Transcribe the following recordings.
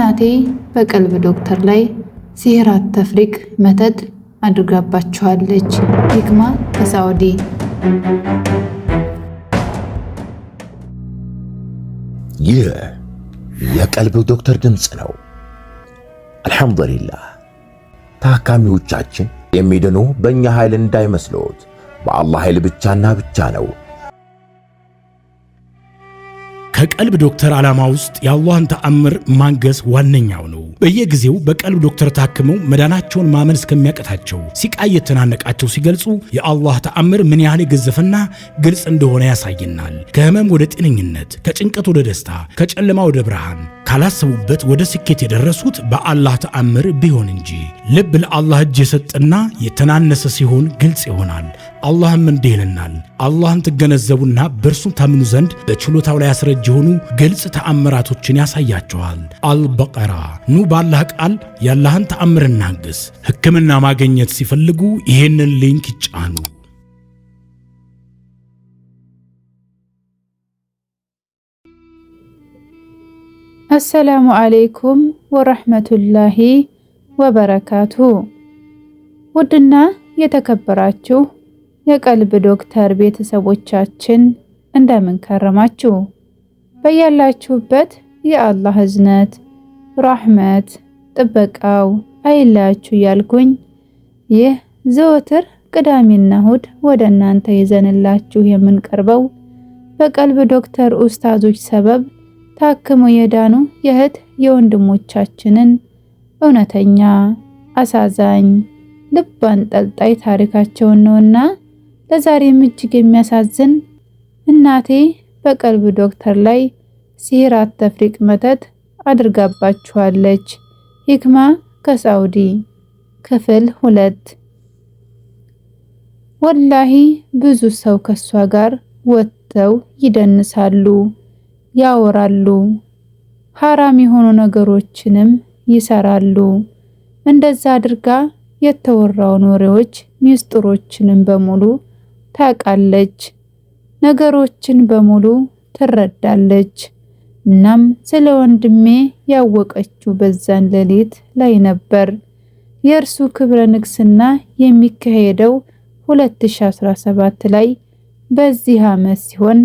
እናቴ በቀልብ ዶክተር ላይ ሲህራት ተፍሪቅ መተት አድርጋባችኋለች። ሂክማ ከሳዑዲ ይህ የቀልብ ዶክተር ድምፅ ነው። አልሐምዱሊላህ ታካሚዎቻችን የሚድኑ በእኛ ኃይል እንዳይመስሎት በአላህ ኃይል ብቻና ብቻ ነው። ከቀልብ ዶክተር ዓላማ ውስጥ የአላህን ተአምር ማንገስ ዋነኛው ነው። በየጊዜው በቀልብ ዶክተር ታክመው መዳናቸውን ማመን እስከሚያቀታቸው ሲቃይ የተናነቃቸው ሲገልጹ የአላህ ተአምር ምን ያህል የገዘፈና ግልጽ እንደሆነ ያሳየናል። ከህመም ወደ ጤነኝነት፣ ከጭንቀት ወደ ደስታ፣ ከጨለማ ወደ ብርሃን ካላሰቡበት ወደ ስኬት የደረሱት በአላህ ተአምር ቢሆን እንጂ። ልብ ለአላህ እጅ የሰጠና የተናነሰ ሲሆን ግልጽ ይሆናል። አላህም እንዲህ ይለናል። አላህን ትገነዘቡና በእርሱም ታምኑ ዘንድ በችሎታው ላይ ያስረጅ የሆኑ ግልጽ ተአምራቶችን ያሳያቸዋል። አልበቀራ ኑ ባላህ ቃል ያላህን ተአምር እናግስ። ሕክምና ማግኘት ሲፈልጉ ይሄንን ሊንክ ይጫኑ። አሰላሙ አለይኩም ወረሕመቱላሂ ወበረካቱ። ውድና የተከበራችሁ የቀልብ ዶክተር ቤተሰቦቻችን እንደምን ከረማችሁ? በያላችሁበት የአላህ እዝነት ራህመት ጥበቃው አይለያችሁ እያልኩኝ ይህ ዘወትር ቅዳሜና እሁድ ወደ እናንተ ይዘንላችሁ የምንቀርበው በቀልብ ዶክተር ኡስታዞች ሰበብ ታክሙ የዳኑ የእህት የወንድሞቻችንን እውነተኛ አሳዛኝ ልብ አንጠልጣይ ታሪካቸውን ነውና ለዛሬም እጅግ የሚያሳዝን እናቴ በቀልብ ዶክተር ላይ ሲህራት ተፍሪቅ መተት አድርጋባችኋለች። ሂክማ ከሳውዲ ክፍል ሁለት ወላሂ ብዙ ሰው ከሷ ጋር ወጥተው ይደንሳሉ፣ ያወራሉ፣ ሐራም የሆኑ ነገሮችንም ይሰራሉ። እንደዛ አድርጋ የተወራውን ወሬዎች ሚስጥሮችንም በሙሉ ታውቃለች። ነገሮችን በሙሉ ትረዳለች። እናም ስለ ወንድሜ ያወቀችው በዛን ሌሊት ላይ ነበር። የእርሱ ክብረ ንግስና የሚካሄደው 2017 ላይ በዚህ ዓመት ሲሆን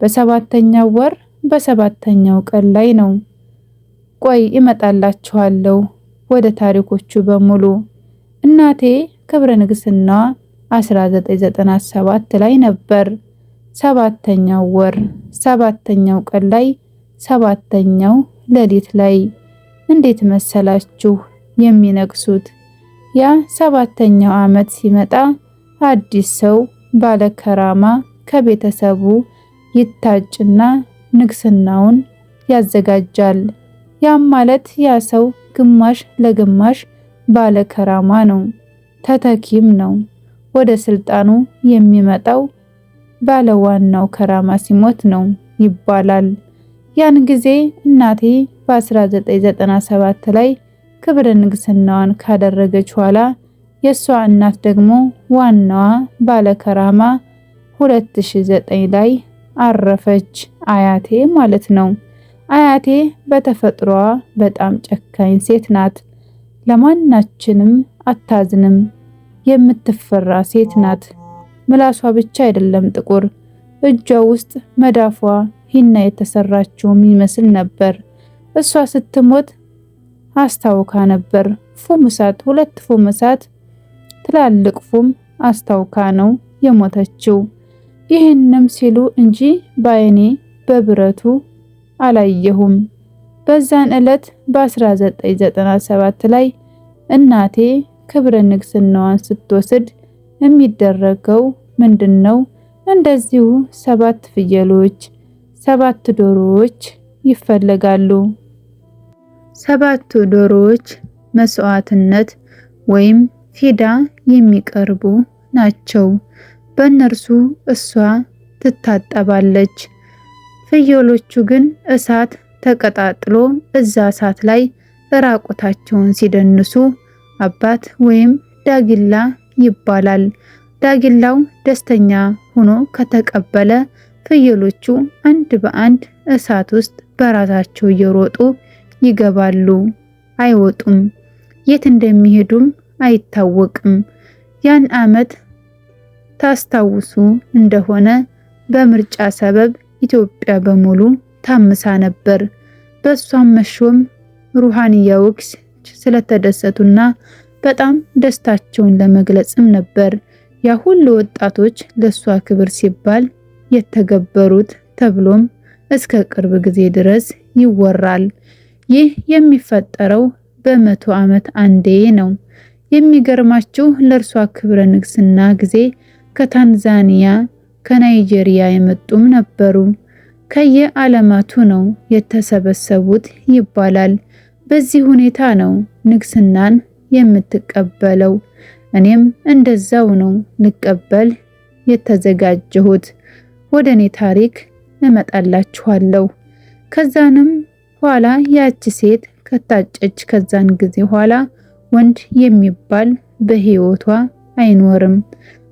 በሰባተኛው ወር በሰባተኛው ቀን ላይ ነው። ቆይ እመጣላችኋለሁ ወደ ታሪኮቹ በሙሉ። እናቴ ክብረ ንግስና 1997 ላይ ነበር። ሰባተኛው ወር ሰባተኛው ቀን ላይ ሰባተኛው ሌሊት ላይ እንዴት መሰላችሁ የሚነግሱት። ያ ሰባተኛው ዓመት ሲመጣ አዲስ ሰው ባለከራማ ከቤተሰቡ ይታጭና ንግስናውን ያዘጋጃል። ያም ማለት ያ ሰው ግማሽ ለግማሽ ባለከራማ ነው፣ ተተኪም ነው። ወደ ስልጣኑ የሚመጣው ባለዋናው ከራማ ሲሞት ነው ይባላል። ያን ጊዜ እናቴ በ1997 ላይ ክብረ ንግስናዋን ካደረገች ኋላ የሷ እናት ደግሞ ዋናዋ ባለከራማ 2009 ላይ አረፈች። አያቴ ማለት ነው። አያቴ በተፈጥሮዋ በጣም ጨካኝ ሴት ናት። ለማናችንም አታዝንም። የምትፈራ ሴት ናት። ምላሷ ብቻ አይደለም ጥቁር፣ እጇ ውስጥ መዳፏ ሂና የተሰራቸው ይመስል ነበር። እሷ ስትሞት አስታውካ ነበር። ፉም እሳት፣ ሁለት ፉም እሳት፣ ትላልቅ ፉም አስታውካ ነው የሞተችው። ይህንም ሲሉ እንጂ በአይኔ በብረቱ አላየሁም። በዛን ዕለት በ1997 ላይ እናቴ ክብረ ንግስናዋን ስትወስድ የሚደረገው ምንድን ነው? እንደዚሁ ሰባት ፍየሎች ሰባት ዶሮዎች ይፈለጋሉ። ሰባቱ ዶሮዎች መስዋዕትነት ወይም ፊዳ የሚቀርቡ ናቸው። በእነርሱ እሷ ትታጠባለች። ፍየሎቹ ግን እሳት ተቀጣጥሎ እዛ እሳት ላይ እራቁታቸውን ሲደንሱ አባት ወይም ዳጊላ ይባላል። ዳጊላው ደስተኛ ሆኖ ከተቀበለ ፍየሎቹ አንድ በአንድ እሳት ውስጥ በራሳቸው እየሮጡ ይገባሉ፣ አይወጡም። የት እንደሚሄዱም አይታወቅም። ያን ዓመት ታስታውሱ እንደሆነ በምርጫ ሰበብ ኢትዮጵያ በሙሉ ታምሳ ነበር። በሷም መሾም ሩሃንያዎች ስለተደሰቱና በጣም ደስታቸውን ለመግለጽም ነበር ያ ሁሉ ወጣቶች ለሷ ክብር ሲባል የተገበሩት ተብሎም እስከ ቅርብ ጊዜ ድረስ ይወራል። ይህ የሚፈጠረው በመቶ ዓመት አንዴ ነው። የሚገርማችሁ ለእርሷ ክብረ ንግስና ጊዜ ከታንዛኒያ ከናይጄሪያ የመጡም ነበሩ። ከየዓለማቱ ነው የተሰበሰቡት ይባላል። በዚህ ሁኔታ ነው ንግስናን የምትቀበለው። እኔም እንደዛው ነው ልቀበል የተዘጋጀሁት። ወደ እኔ ታሪክ እመጣላችኋለሁ። ከዛንም ኋላ ያቺ ሴት ከታጨች ከዛን ጊዜ ኋላ ወንድ የሚባል በህይወቷ አይኖርም፣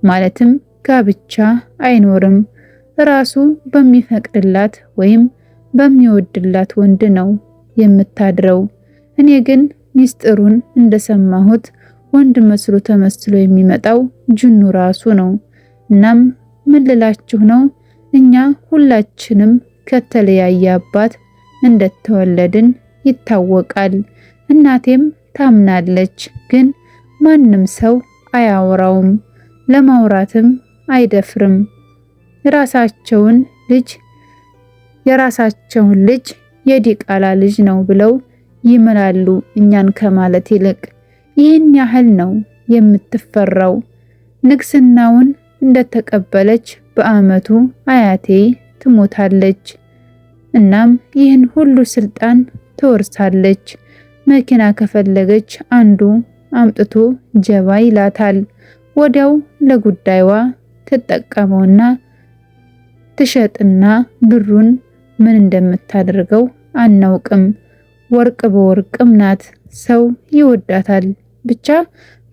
ማለትም ጋብቻ አይኖርም። ራሱ በሚፈቅድላት ወይም በሚወድላት ወንድ ነው የምታድረው። እኔ ግን ሚስጥሩን እንደሰማሁት ወንድ መስሎ ተመስሎ የሚመጣው ጅኑ ራሱ ነው። እናም ምን ልላችሁ ነው እኛ ሁላችንም ከተለያየ አባት እንደተወለድን ይታወቃል። እናቴም ታምናለች፣ ግን ማንም ሰው አያወራውም፣ ለማውራትም አይደፍርም። ራሳቸውን ልጅ የራሳቸውን ልጅ የዲቃላ ልጅ ነው ብለው ይምላሉ እኛን ከማለት ይልቅ። ይህን ያህል ነው የምትፈራው። ንግስናውን እንደተቀበለች በአመቱ አያቴ ትሞታለች። እናም ይህን ሁሉ ስልጣን ትወርሳለች። መኪና ከፈለገች አንዱ አምጥቶ ጀባ ይላታል። ወዲያው ለጉዳይዋ ትጠቀመውና ትሸጥና ብሩን ምን እንደምታደርገው አናውቅም። ወርቅ በወርቅም ናት፣ ሰው ይወዳታል። ብቻ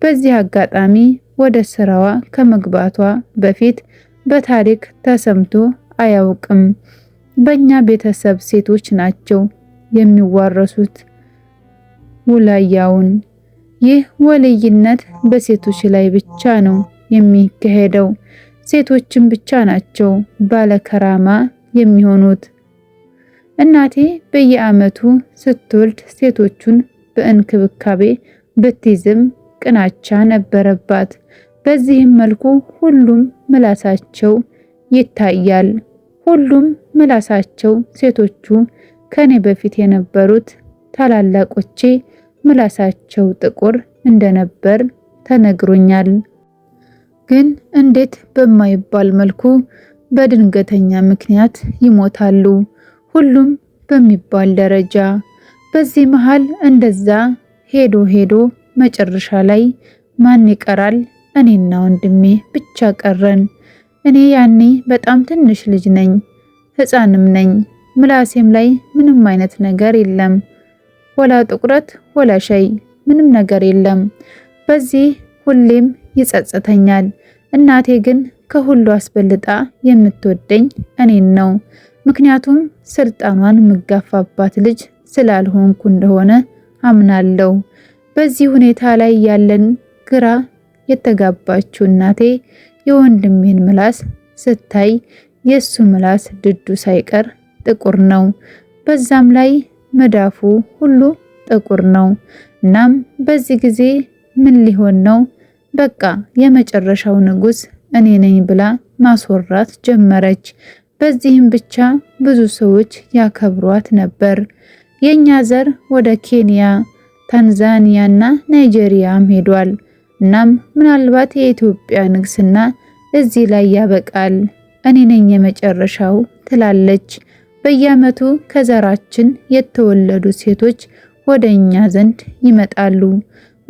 በዚህ አጋጣሚ ወደ ስራዋ ከመግባቷ በፊት በታሪክ ተሰምቶ አያውቅም። በእኛ ቤተሰብ ሴቶች ናቸው የሚዋረሱት ውላያውን። ይህ ወልይነት በሴቶች ላይ ብቻ ነው የሚካሄደው። ሴቶችም ብቻ ናቸው ባለከራማ የሚሆኑት። እናቴ በየዓመቱ ስትወልድ ሴቶቹን በእንክብካቤ ብትይዝም ቅናቻ ነበረባት። በዚህም መልኩ ሁሉም ምላሳቸው ይታያል። ሁሉም ምላሳቸው ሴቶቹ ከኔ በፊት የነበሩት ታላላቆቼ ምላሳቸው ጥቁር እንደነበር ተነግሮኛል። ግን እንዴት በማይባል መልኩ በድንገተኛ ምክንያት ይሞታሉ ሁሉም በሚባል ደረጃ። በዚህ መሃል እንደዛ ሄዶ ሄዶ መጨረሻ ላይ ማን ይቀራል እኔና ወንድሜ ብቻ ቀረን። እኔ ያኔ በጣም ትንሽ ልጅ ነኝ፣ ህፃንም ነኝ። ምላሴም ላይ ምንም አይነት ነገር የለም፣ ወላ ጥቁረት ወላ ሸይ፣ ምንም ነገር የለም። በዚህ ሁሌም ይጸጸተኛል። እናቴ ግን ከሁሉ አስበልጣ የምትወደኝ እኔን ነው። ምክንያቱም ስልጣኗን የምጋፋባት ልጅ ስላልሆንኩ እንደሆነ አምናለሁ። በዚህ ሁኔታ ላይ ያለን ግራ የተጋባችው እናቴ የወንድሜን ምላስ ስታይ የሱ ምላስ ድዱ ሳይቀር ጥቁር ነው። በዛም ላይ መዳፉ ሁሉ ጥቁር ነው። እናም በዚህ ጊዜ ምን ሊሆን ነው? በቃ የመጨረሻው ንጉስ እኔ ነኝ ብላ ማስወራት ጀመረች። በዚህም ብቻ ብዙ ሰዎች ያከብሯት ነበር። የኛ ዘር ወደ ኬንያ፣ ታንዛኒያና ናይጄሪያም ሄዷል። እናም ምናልባት የኢትዮጵያ ንግስና እዚህ ላይ ያበቃል፣ እኔ ነኝ የመጨረሻው ትላለች። በየአመቱ ከዘራችን የተወለዱ ሴቶች ወደ እኛ ዘንድ ይመጣሉ።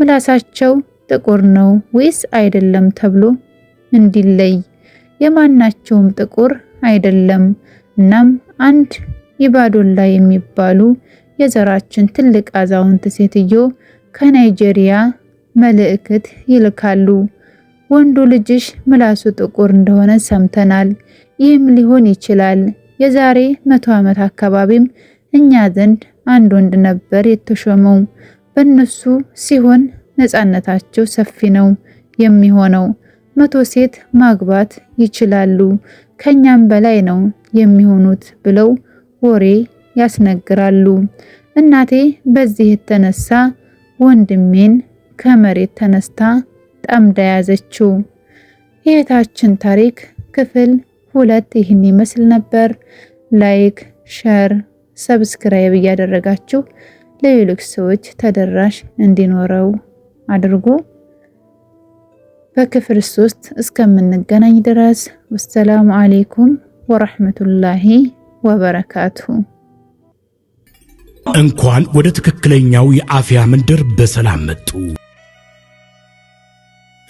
ምላሳቸው ጥቁር ነው ወይስ አይደለም ተብሎ እንዲለይ የማናቸውም ጥቁር አይደለም። እናም አንድ ኢባዶላ የሚባሉ የዘራችን ትልቅ አዛውንት ሴትዮ ከናይጄሪያ መልእክት ይልካሉ። ወንዱ ልጅሽ ምላሱ ጥቁር እንደሆነ ሰምተናል። ይህም ሊሆን ይችላል። የዛሬ መቶ ዓመት አካባቢም እኛ ዘንድ አንድ ወንድ ነበር የተሾመው። በእነሱ ሲሆን ነጻነታቸው ሰፊ ነው የሚሆነው። መቶ ሴት ማግባት ይችላሉ፣ ከኛም በላይ ነው የሚሆኑት ብለው ወሬ ያስነግራሉ። እናቴ በዚህ የተነሳ ወንድሜን ከመሬት ተነስታ ጠምዳ ያዘችው። የእህታችን ታሪክ ክፍል ሁለት ይህን ይመስል ነበር። ላይክ፣ ሸር፣ ሰብስክራይብ እያደረጋችሁ ለሌሎች ሰዎች ተደራሽ እንዲኖረው አድርጉ። በክፍል ሶስት እስከምንገናኝ ድረስ ወሰላሙ አሌይኩም ወረህመቱላሂ ወበረካቱ እንኳን ወደ ትክክለኛው የአፍያ መንደር በሰላም መጡ።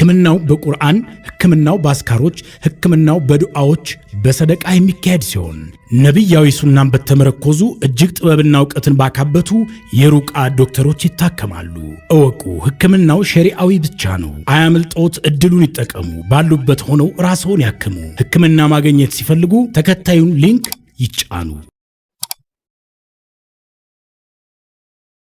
ህክምናው በቁርአን፣ ህክምናው በአስካሮች፣ ህክምናው በዱዓዎች፣ በሰደቃ የሚካሄድ ሲሆን ነቢያዊ ሱናን በተመረኮዙ እጅግ ጥበብና እውቀትን ባካበቱ የሩቃ ዶክተሮች ይታከማሉ። እወቁ፣ ህክምናው ሸሪአዊ ብቻ ነው። አያምልጦት፣ እድሉን ይጠቀሙ። ባሉበት ሆነው ራስዎን ያክሙ። ህክምና ማግኘት ሲፈልጉ ተከታዩን ሊንክ ይጫኑ።